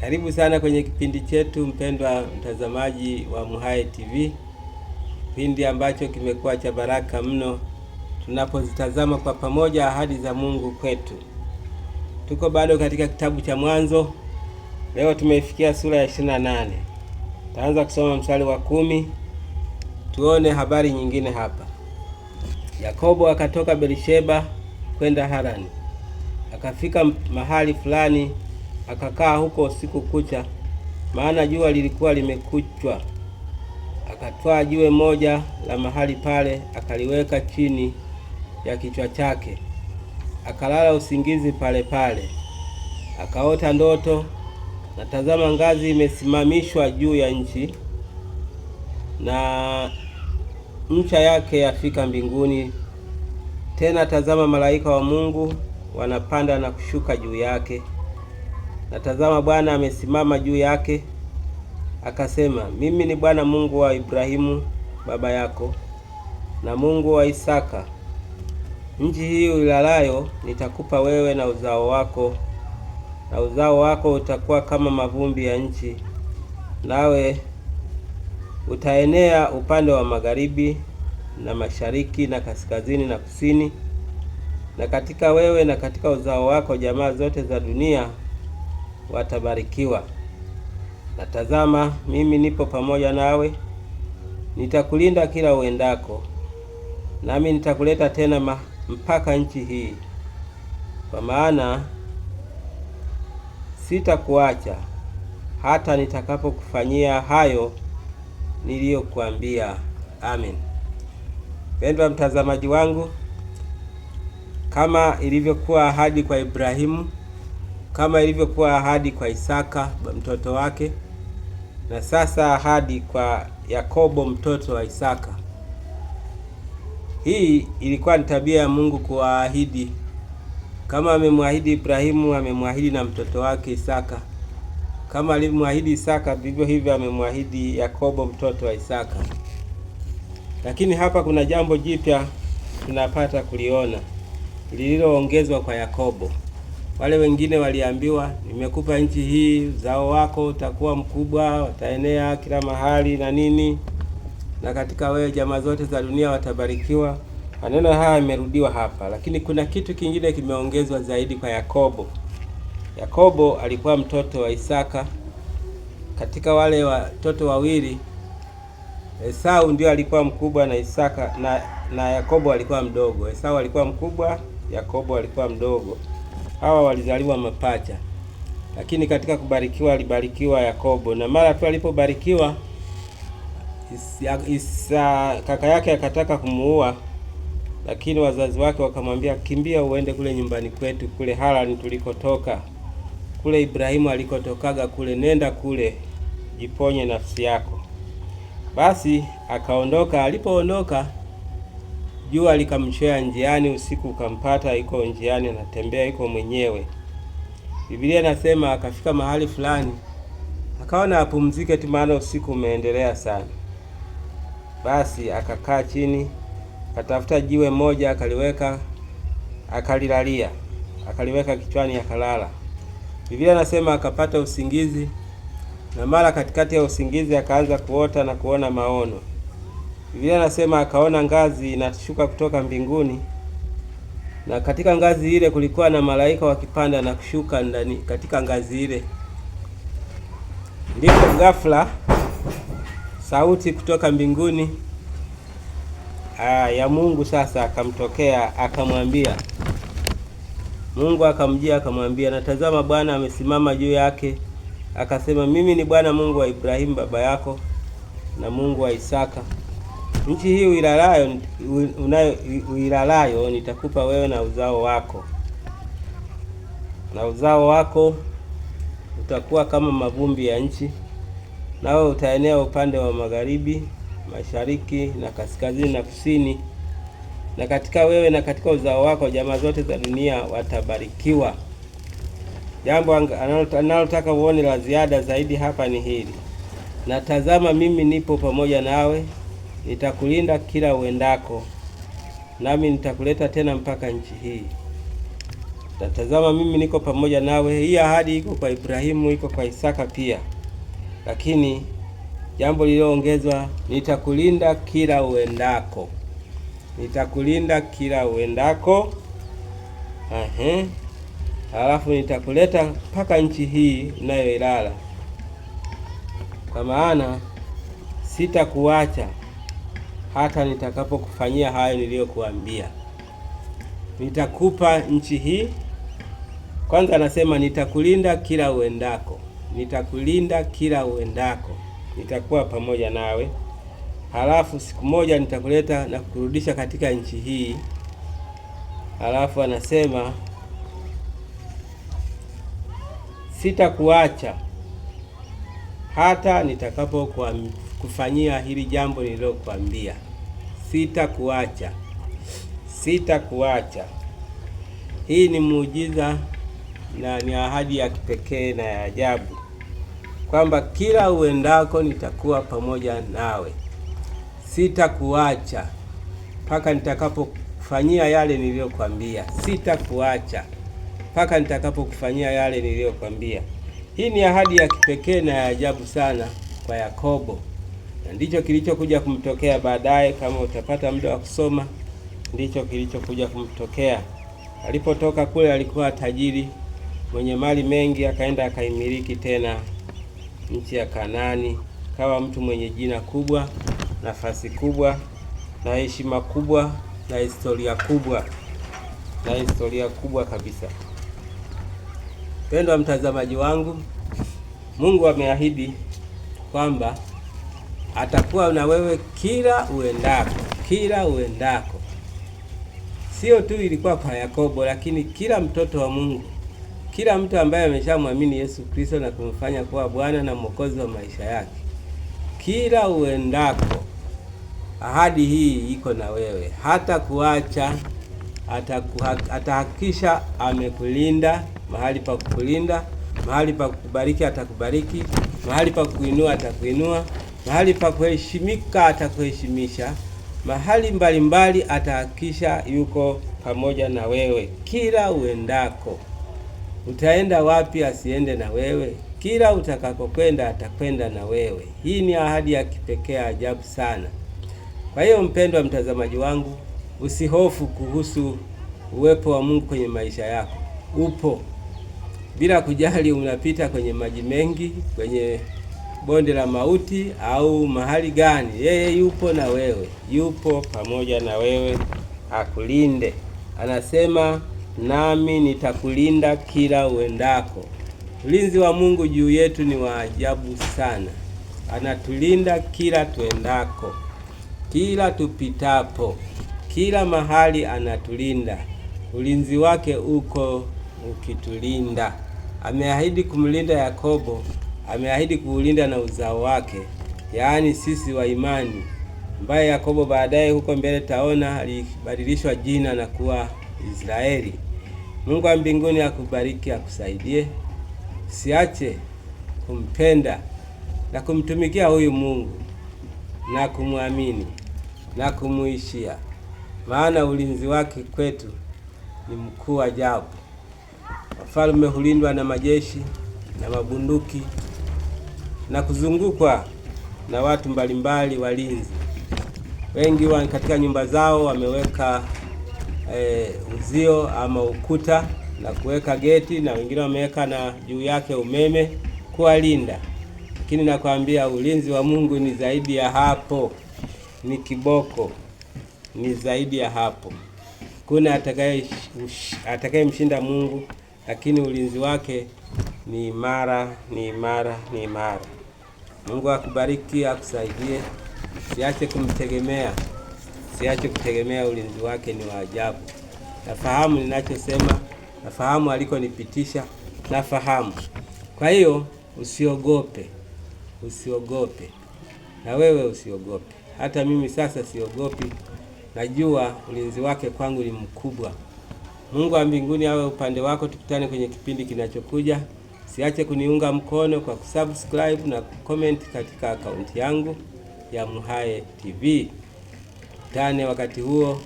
Karibu sana kwenye kipindi chetu mpendwa mtazamaji wa MHAE TV, kipindi ambacho kimekuwa cha baraka mno tunapozitazama kwa pamoja ahadi za Mungu kwetu. Tuko bado katika kitabu cha Mwanzo, leo tumeifikia sura ya 28. Taanza kusoma mstari wa kumi, tuone habari nyingine hapa. Yakobo akatoka Berisheba kwenda Harani, akafika mahali fulani Akakaa huko usiku kucha, maana jua lilikuwa limekuchwa. Akatwaa jiwe moja la mahali pale, akaliweka chini ya kichwa chake, akalala usingizi pale pale. Akaota ndoto, na tazama, ngazi imesimamishwa juu ya nchi, na ncha yake yafika mbinguni. Tena tazama, malaika wa Mungu wanapanda na kushuka juu yake. Na tazama, Bwana amesimama juu yake, akasema, mimi ni Bwana Mungu wa Ibrahimu baba yako na Mungu wa Isaka. Nchi hii ulalayo nitakupa wewe na uzao wako, na uzao wako utakuwa kama mavumbi ya nchi, nawe utaenea upande wa magharibi na mashariki na kaskazini na kusini, na katika wewe na katika uzao wako jamaa zote za dunia watabarikiwa. Na tazama, mimi nipo pamoja nawe, nitakulinda kila uendako, nami nitakuleta tena mpaka nchi hii, kwa maana sitakuacha hata nitakapokufanyia hayo niliyokuambia. Amen. Pendwa mtazamaji wangu, kama ilivyokuwa ahadi kwa Ibrahimu kama ilivyokuwa ahadi kwa Isaka mtoto wake, na sasa ahadi kwa Yakobo mtoto wa Isaka. Hii ilikuwa ni tabia ya Mungu kuwaahidi. Kama amemwahidi Ibrahimu, amemwahidi na mtoto wake Isaka. Kama alivyomwahidi Isaka, vivyo hivyo amemwahidi Yakobo mtoto wa Isaka. Lakini hapa kuna jambo jipya tunapata kuliona lililoongezwa kwa Yakobo. Wale wengine waliambiwa, nimekupa nchi hii, uzao wako utakuwa mkubwa, wataenea kila mahali na nini, na katika wewe jamaa zote za dunia watabarikiwa. Maneno haya yamerudiwa hapa, lakini kuna kitu kingine kimeongezwa zaidi kwa Yakobo. Yakobo alikuwa mtoto wa Isaka. Katika wale watoto wawili Esau ndio alikuwa mkubwa na Isaka na, na Yakobo alikuwa mdogo. Esau alikuwa mkubwa, Yakobo alikuwa mdogo hawa walizaliwa mapacha, lakini katika kubarikiwa alibarikiwa Yakobo, na mara tu alipobarikiwa Isa, Isa kaka yake akataka kumuua, lakini wazazi wake wakamwambia, kimbia uende kule nyumbani kwetu kule Harani tulikotoka kule Ibrahimu alikotokaga kule, nenda kule jiponye nafsi yako. Basi akaondoka. Alipoondoka jua likamchoya njiani, usiku ukampata, iko njiani anatembea, iko mwenyewe. Biblia inasema akafika mahali fulani, akaona apumzike tu, maana usiku umeendelea sana. Basi akakaa chini, akatafuta jiwe moja, akaliweka, akalilalia, akaliweka kichwani, akalala. Biblia inasema akapata usingizi, na mara katikati ya usingizi akaanza kuota na kuona maono. Biblia anasema akaona ngazi inashuka kutoka mbinguni, na katika ngazi ile kulikuwa na malaika wakipanda na kushuka ndani katika ngazi ile. Ndipo ghafla sauti kutoka mbinguni aa, ya Mungu sasa akamtokea akamwambia. Mungu akamjia akamwambia, natazama Bwana amesimama juu yake, akasema, mimi ni Bwana Mungu wa Ibrahimu baba yako na Mungu wa Isaka. Nchi hii uilalayo, uilalayo nitakupa wewe na uzao wako, na uzao wako utakuwa kama mavumbi ya nchi, nawe utaenea upande wa magharibi, mashariki na kaskazini na kusini, na katika wewe na katika uzao wako jamaa zote za dunia watabarikiwa. Jambo analotaka uone la ziada zaidi hapa ni hili, natazama mimi nipo pamoja nawe nitakulinda kila uendako, nami nitakuleta tena mpaka nchi hii. Tatazama, mimi niko pamoja nawe. Hii ahadi iko kwa Ibrahimu, iko kwa Isaka pia, lakini jambo lililoongezwa, nitakulinda kila uendako, nitakulinda kila uendako. Ehe, halafu nitakuleta mpaka nchi hii unayoilala, kwa maana sitakuacha hata nitakapokufanyia hayo niliyokuambia. Nitakupa nchi hii. Kwanza anasema nitakulinda kila uendako, nitakulinda kila uendako, nitakuwa pamoja nawe. Halafu siku moja nitakuleta na kukurudisha katika nchi hii. Halafu anasema sitakuacha hata nitakapokuamuru kufanyia hili jambo nililokuambia. Sitakuacha, sitakuacha. Hii ni muujiza na ni ahadi ya kipekee na ya ajabu kwamba kila uendako nitakuwa pamoja nawe, sitakuacha mpaka nitakapokufanyia yale niliyokuambia. Sitakuacha mpaka nitakapokufanyia yale niliyokuambia. Hii ni ahadi ya kipekee na ya ajabu sana kwa Yakobo na ndicho kilichokuja kumtokea baadaye. Kama utapata muda wa kusoma, ndicho kilichokuja kumtokea. Alipotoka kule, alikuwa tajiri mwenye mali mengi, akaenda akaimiliki tena nchi ya Kanaani, kawa mtu mwenye jina kubwa, nafasi kubwa, na heshima kubwa, na historia kubwa, na historia kubwa kabisa. Pendwa mtazamaji wangu, Mungu ameahidi wa kwamba atakuwa na wewe kila uendako, kila uendako. Sio tu ilikuwa kwa Yakobo, lakini kila mtoto wa Mungu, kila mtu ambaye ameshamwamini Yesu Kristo na kumfanya kuwa Bwana na Mwokozi wa maisha yake, kila uendako, ahadi hii iko na wewe, hata kuacha atahakikisha amekulinda, mahali pa kukulinda, mahali pa kukubariki atakubariki, mahali pa kuinua atakuinua. Mahali pa kuheshimika atakuheshimisha, mahali mbalimbali atahakikisha yuko pamoja na wewe kila uendako. Utaenda wapi asiende na wewe? Kila utakakokwenda atakwenda na wewe. Hii ni ahadi ya kipekee ajabu sana. Kwa hiyo, mpendwa mtazamaji wangu, usihofu kuhusu uwepo wa Mungu kwenye maisha yako. Upo, bila kujali unapita kwenye maji mengi, kwenye bonde la mauti au mahali gani, yeye yupo na wewe, yupo pamoja na wewe akulinde. Anasema nami nitakulinda kila uendako. Ulinzi wa Mungu juu yetu ni wa ajabu sana, anatulinda kila tuendako, kila tupitapo, kila mahali anatulinda. Ulinzi wake uko ukitulinda. Ameahidi kumlinda Yakobo ameahidi kuulinda na uzao wake, yaani sisi wa imani, ambaye Yakobo baadaye huko mbele taona alibadilishwa jina na kuwa Israeli. Mungu wa mbinguni akubariki, akusaidie, siache kumpenda na kumtumikia huyu Mungu na kumwamini na kumuishia, maana ulinzi wake kwetu ni mkuu ajabu. Wafalme hulindwa na majeshi na mabunduki na kuzungukwa na watu mbalimbali walinzi. Wengi wa katika nyumba zao wameweka e, uzio ama ukuta na kuweka geti, na wengine wameweka na juu yake umeme kuwalinda. Lakini nakwambia ulinzi wa Mungu ni zaidi ya hapo, ni kiboko, ni zaidi ya hapo. Kuna atakaye atakayemshinda Mungu, lakini ulinzi wake ni imara, ni imara, ni imara. Mungu akubariki, akusaidie, siache kumtegemea, siache kutegemea. Ulinzi wake ni wa ajabu. Nafahamu ninachosema, nafahamu alikonipitisha, nafahamu. Kwa hiyo usiogope, usiogope, na wewe usiogope. Hata mimi sasa siogopi, najua ulinzi wake kwangu ni mkubwa. Mungu wa mbinguni awe upande wako. Tukutane kwenye kipindi kinachokuja siache kuniunga mkono kwa kusubscribe na comment katika akaunti yangu ya MHAE TV. tane wakati huo.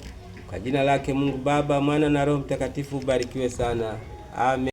Kwa jina lake Mungu Baba, Mwana na Roho Mtakatifu, ubarikiwe sana. Amen.